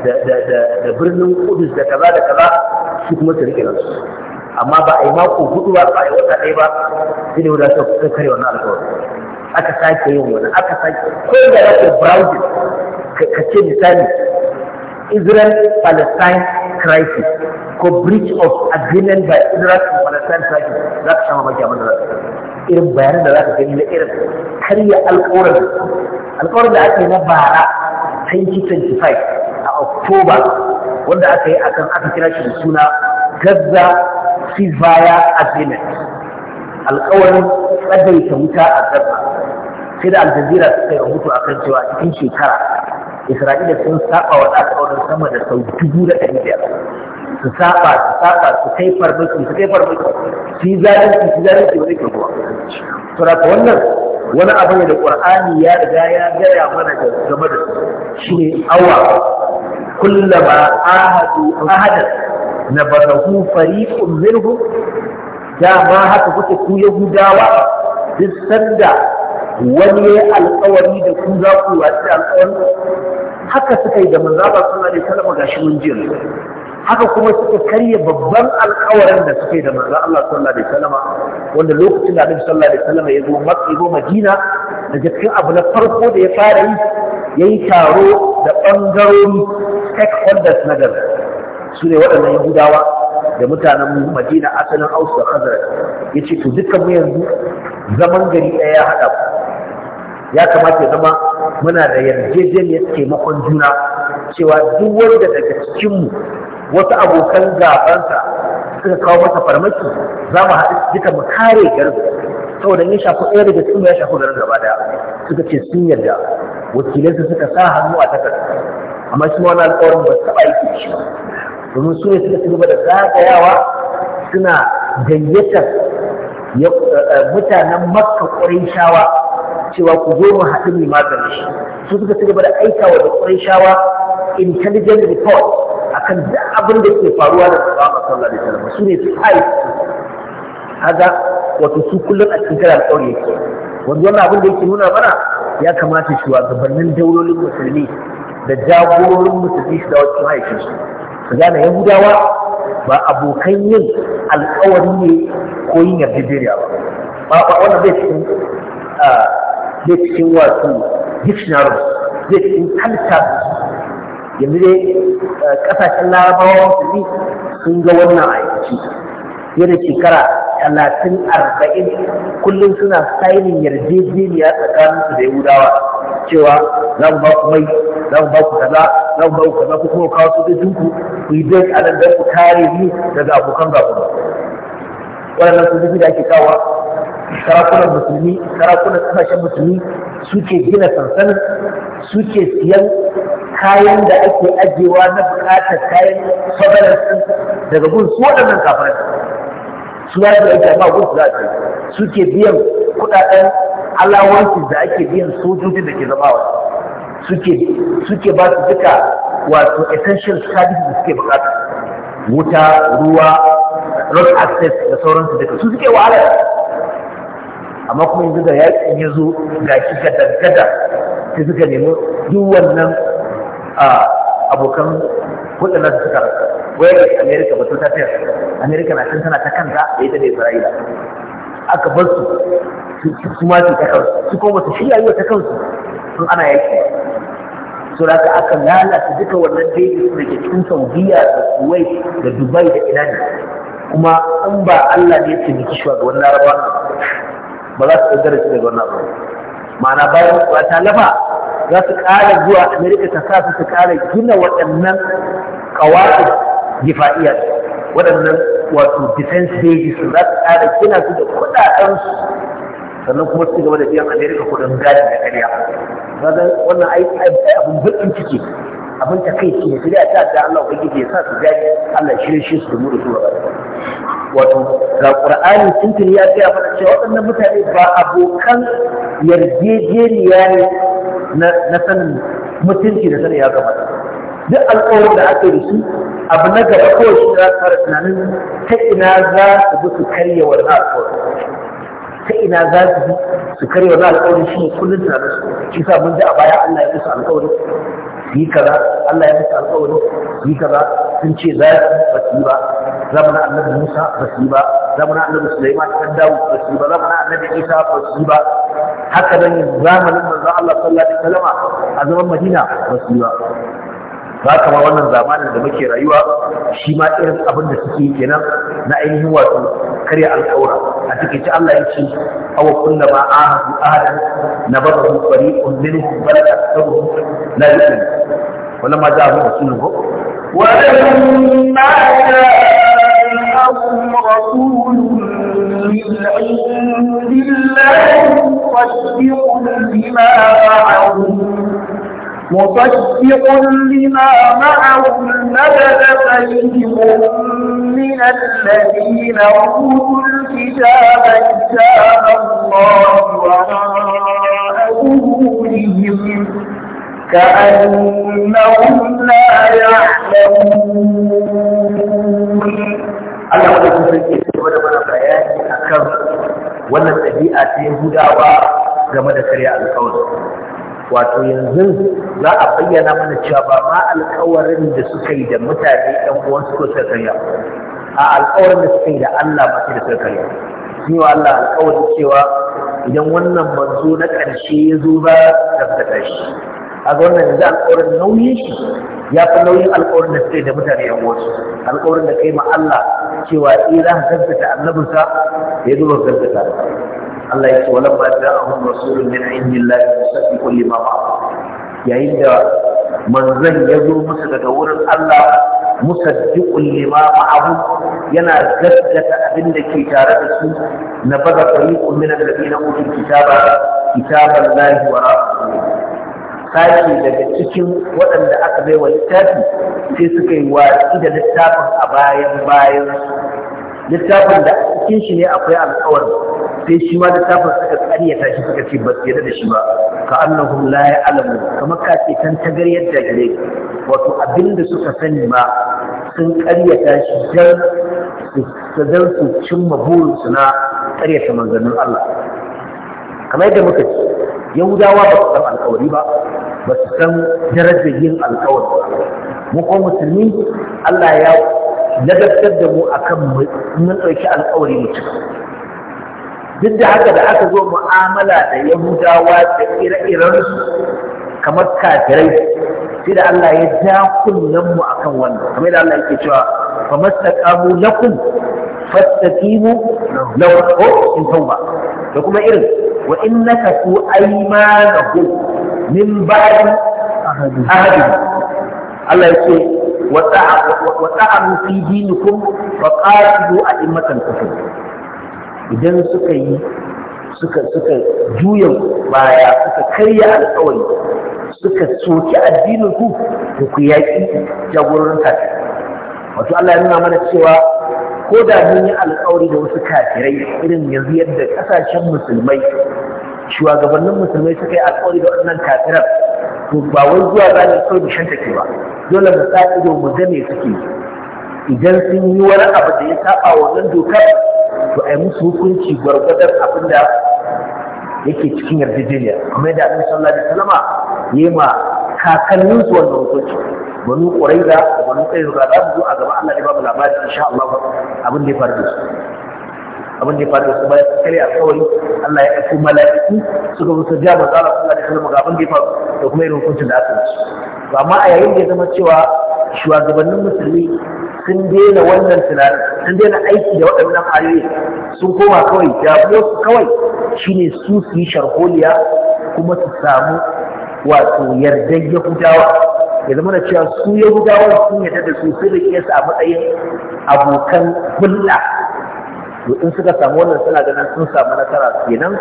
da birnin kudus da kaza da kaza su kuma su rike nasu amma ba a yi mako hudu ba a yi wata ɗaya ba sai ne wadatar kusan kare wannan alkawari aka sake yin wani aka sake ko da ya ke browsing ka ce misali israel palestine crisis ko breach of agreement by Israel and Palestine side za ka sha mamaki abin da za ka irin bayanan da za ka gani na irin karya alƙawarin alƙawarin da aka yi na bara 2025 a October wanda aka yi akan aka kira shi da suna Gaza Ceasefire Agreement alƙawarin tsagaita wuta a Gaza sai da Aljazeera suka yi rahoto kan cewa cikin shekara Isra'ila sun saba wa alƙawarin sama da sau dubu da ɗari biyar su saba su saba su kai farmaki su kai farmaki su yi zalunci su zalunci wani ke kuwa to da wannan wani abu ne da qur'ani ya riga ya gaya mana game da shi ne awa kullama ahadu ahadan nabadahu fariqun minhum dama haka kuke ku yahudawa duk sanda wani ya alkawari da ku za ku yi wasu alkawari haka suka yi da manzaba suna da kalama gashi mun jiya haka kuma suka karya babban alkawarin da suke da manzo Allah sallallahu alaihi wasallam wanda lokacin da Annabi sallallahu alaihi wasallam ya zo Makka ko Madina da jikin abu na farko da ya fara yi yayi taro da bangarori stakeholders na gari su ne waɗannan Yahudawa da mutanen Madina asalin Aus da Khazraj yace to dukkan mu yanzu zaman gari ɗaya ya haɗa ya kamata ya zama muna da yarjejeniyar taimakon juna cewa duk wanda daga cikinmu wasu abokan gabansa suka kawo masa farmaki za mu haɗu duka mu kare garin saboda ya shafi ɗaya daga cikin ya shafi garin gaba suka ce sun yarda wakilansa suka sa hannu a takarda amma shi wani alƙawarin ba su taɓa yi shi domin su ne suka ci gaba da zagayawa suna gayyatar eh, mutanen makka ƙwarai shawa cewa ku zo mu haɗu mai maganin shi su suka ci gaba da aikawa da ƙwarai shawa intelligent report akan duk abin da ke faruwa da sahaba sallallahu alaihi wasallam su ne haga wato su kullum a cikin kira alƙawari yake wanda wannan abin da yake nuna mana ya kamata shuwagabannin daulolin musulmi da jagororin musulmi su dawo cikin haifinsu su gane yahudawa ba abokan yin alƙawari ne ko yin yarjejeniya ba ba wannan bai cikin ah, bai cikin wato dictionary zai cikin yanzu dai kasashen eh, larabawa musulmi sun ga wannan aiki fiye da shekara talatin arba'in kullum suna sainin yarjejeniya tsakanin su da yahudawa cewa za mu ba ku mai za mu ba ku kaza za mu ba ku kaza ku kuma kawo su da duku ku yi dai anan don ku kare ni daga abokan gaba waɗannan sojoji da ake kawo sarakunan musulmi sarakunan kasashen musulmi suke gina sansanin suke siyan kayan da ake ajiyewa na bukatar kayan su daga gun su waɗannan kafin su ya su ake ba gun su za su suke biyan kuɗaɗen alawansu da ake biyan sojojin da ke zama wa suke ba su duka wato essential services da suke buƙata, wuta ruwa road access da sauransu duka su suke wahala amma kuma yanzu da yakin ya zo ga shi gada-gada sai suka nemi duk wannan abokan kudin na suka rasa wayar amerika ba ta tayar amerika na tana ta kan a yi ita da isra'ila aka bar su su ma su ta kansu su kuma su shirya yayi ta kansu sun ana yaki so da aka lalata duka wannan daidai su da ke cikin saudiya da kuwait da dubai da iran kuma an ba allah ne ya taimaki shugaban larabawa ba za su ɗaukar su daga wannan abu ma'ana bayan kuwa ta lafa za su ƙara zuwa amerika ta sa su ƙara gina waɗannan ƙawaɗin difa'iyyar waɗannan wato defense bases za su ƙara gina su da kuɗaɗensu sannan kuma su gaba da biyan amerika kuɗin gadi da ƙarya wannan aiki abin baƙin ciki abin ta kai ce su da ta da Allah ubangiji ya sa su gani Allah shirye shi su mu da su wato ga qur'ani tuntun ya ga mana cewa wadannan mutane ba abokan yarjejeniya ne na sanin mutunci da sanin ya kamata duk alƙawarin da aka yi su abu na gaba kawai shi za ka tunanin ta ina za su bi su karya wannan alƙawarin ta ina za su bi su karya na alƙawarin shi ne kullum tunanin su shi sa mun ji a baya Allah ya musu alƙawarin yi kaza Allah ya musu alƙawari yi kaza sun ce za su ba su yi ba zamanin annabi Musa ba yi ba zamanin annabi Sulaiman dan Dawud ba su yi ba zamanin annabi Isa ba yi ba haka nan zamanin manzo Allah sallallahu alaihi wasallam a zaman Madina ba yi ba za ka ma wannan zamanin da muke rayuwa shi ma irin abin da suke kenan na ainihin wato karya alƙawura a cikin ta Allah ya ce aw kullu ma ahadu ahadan nabadahu fariqun minhum bal aktharuhum la yu'min wala ma ja'a rasuluhu wa lamma جاءهم رسول من عند الله مصدق لما معهم مصدقا لما معهم نبذ فريق من الذين اوتوا الكتاب كتاب الله وراء ظهورهم كأنهم لا يعلمون Allah wanda kuma ke cewa da mana bayani akan wannan ɗabi'a ta Yahudawa game da karya alƙawari. wato yanzu za a bayyana mana cewa ba ma alkawarin da suka yi da mutane ɗan uwansu ko suka karya a alkawarin da suka yi da Allah ba su da suka karya sun yi Allah alkawarin cewa idan wannan manzo na ƙarshe ya zo ba gaskata shi a ga wannan yanzu alkawarin nauyin shi ya fi nauyin alkawarin da suka yi da mutane ɗan su. alkawarin da kai ma Allah cewa eh za ka gaskata annabinsa ya zo ba gaskata Allah ya ce wala ba da ahun rasulun min indillahi musaddiqun lima ba yayin da manzon ya zo musu daga wurin Allah musaddiqun lima ma'ahu yana gaskata abin da ke tare da su na baza fariqun min alladhina utul kitaba kitaban lahi wa sashi daga cikin waɗanda aka baiwa littafi sai suka yi watsi da littafin a bayan bayan littafin da cikin shi ne akwai alƙawari sai shi ma littafin suka karyata shi suka ce ba su da shi ba ka annahum la ya'lamu kamar ka ce kan tagar yadda gare wato abinda suka sani ma sun karyata shi dan su dan su cimma burinsu na karyata manzannin Allah kamar yadda muka ce yahudawa ba su san alkawari ba ba su san darajar yin alkawari ba mu ko musulmi Allah ya ladabtar da mu akan mun ɗauki alkawari mu cika duk da haka da aka zo mu'amala da yahudawa da ire-iren su kamar kafirai sai da Allah ya ja kunnen mu akan wannan kamar da Allah yake cewa fa mastaqamu lakum fastaqimu lahu in tauba da kuma irin wa innaka tu aymanahum min ba'di ahadin Allah yake wa ta'amu fi dinikum wa qatilu a'immatal kufur idan suka yi suka suka juya baya suka karya alƙawari suka soki addinin ku to ku yaƙi jagororin wato Allah ya nuna mana cewa ko da mun yi alƙawari da wasu kafirai irin yanzu yadda ƙasashen musulmai shugabannin musulmai suka yi alƙawari da wannan kafiran to ba wai zuwa za mu kawai bishan take ba dole mu sa ido mu ga me suke idan sun yi wani abu da ya saba wannan dokar to ai musu hukunci gwargwadar abin da yake cikin yarjejeniya kuma yadda annabi sallallahu alaihi wasallama yi ma kakannin su wannan hukunci banu quraiza da banu quraiza za su zo a gaba Allah da babu labari insha Allah abin da ya faru da su abin da ya faru da su bayan kare a kawai Allah ya aiko mala'iku suka zo su za manzo Allah da salama ga abin da ya faru da kuma irin hukuncin da aka yi to amma a yayin da ya zama cewa shugabannin musulmi sun daina wannan tunanin sun daina aiki da waɗannan ayoyi sun koma kawai damuwa su kawai shine su su yi sharholiya kuma su samu wato yardan yahudawa ya zama da cewa su yahudawa sun yarda da su sun rike su a matsayin abokan hulɗa to in suka samu wannan suna ganin sun samu nasara kenan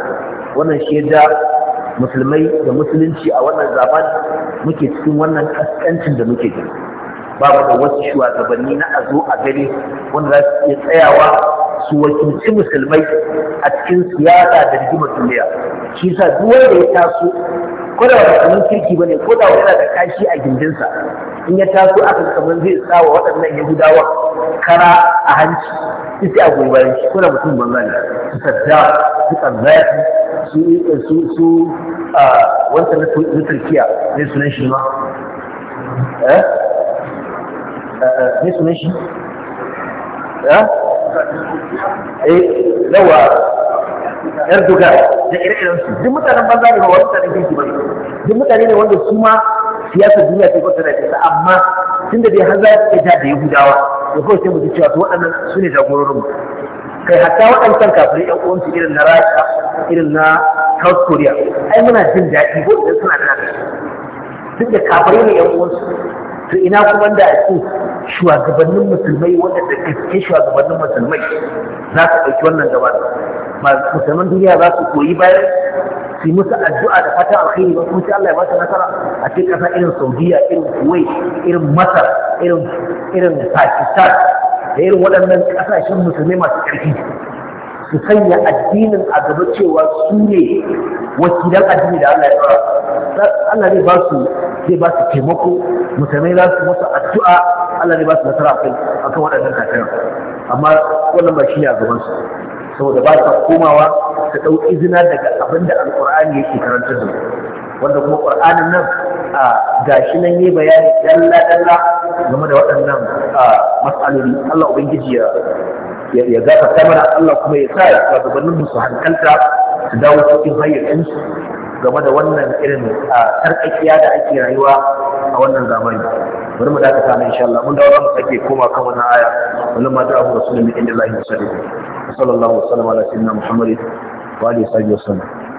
wannan shi ya musulmai da musulunci a wannan zamani muke cikin wannan kaskancin da muke gani babu da wasu shugabanni na a a gani wanda za su iya tsayawa su wakilci musulmai a cikin siyasa da rigima duniya shi sa duk wanda ya taso ko da wani kirki bane ko da wani da kashi a gindinsa in ya taso aka kamar zai sa wa waɗannan yahudawa kara a hanci isi a goyi bayan shi ko da mutum banza ne su sadda su kanzayati su su ah, wancan na turkiya ne sunan shi ma eh? ne eh, sunan shi ya eh yawa erdogan da ire-iren su duk mutanen banza ne ba mutanen kirki ba duk mutane ne wanda su ma duniya da amma dai har za su da mu ji cewa su ne jagororin mu kai ƴan irin na irin na South ai muna jin daɗi ko ina kuma da su shugabannin musulmai waɗanda gaske shugabannin musulmai za su ɗauki wannan gaba musulman duniya za su koyi bayan su yi musu addu'a da fata alkhairi ba kuma Allah ya ba su nasara a cikin ƙasa irin Saudiya irin Kuwait irin Masar irin irin Pakistan da irin waɗannan ƙasashen musulmai masu ƙarfi su sanya addinin a gaba cewa su ne wakilan addini da Allah ya fara Allah zai ba su zai ba su taimako musulmai za su masa addu'a Allah zai ba su nasara kai akan waɗannan kafiran amma wannan ba shi ne a gaban su saboda ba sa komawa ta ɗau izina daga abin da alƙur'ani yake karantar da wanda kuma ƙur'anin nan a gashi nan yi bayani dalla dalla game da waɗannan matsaloli, Allah ubangiji ya ya gafarta mana Allah kuma ya sa shugabannin mu musu hankalta su dawo cikin hayyacinsu game da wannan irin sarƙaƙiya da ake rayuwa a wannan zamani bari mu dakata na insha Allah mun dawo mu sake koma kan wannan aya wannan mata abu rasulun min indillahi sallallahu alaihi wa sallam ala sayyidina muhammadin wa alihi wa sallam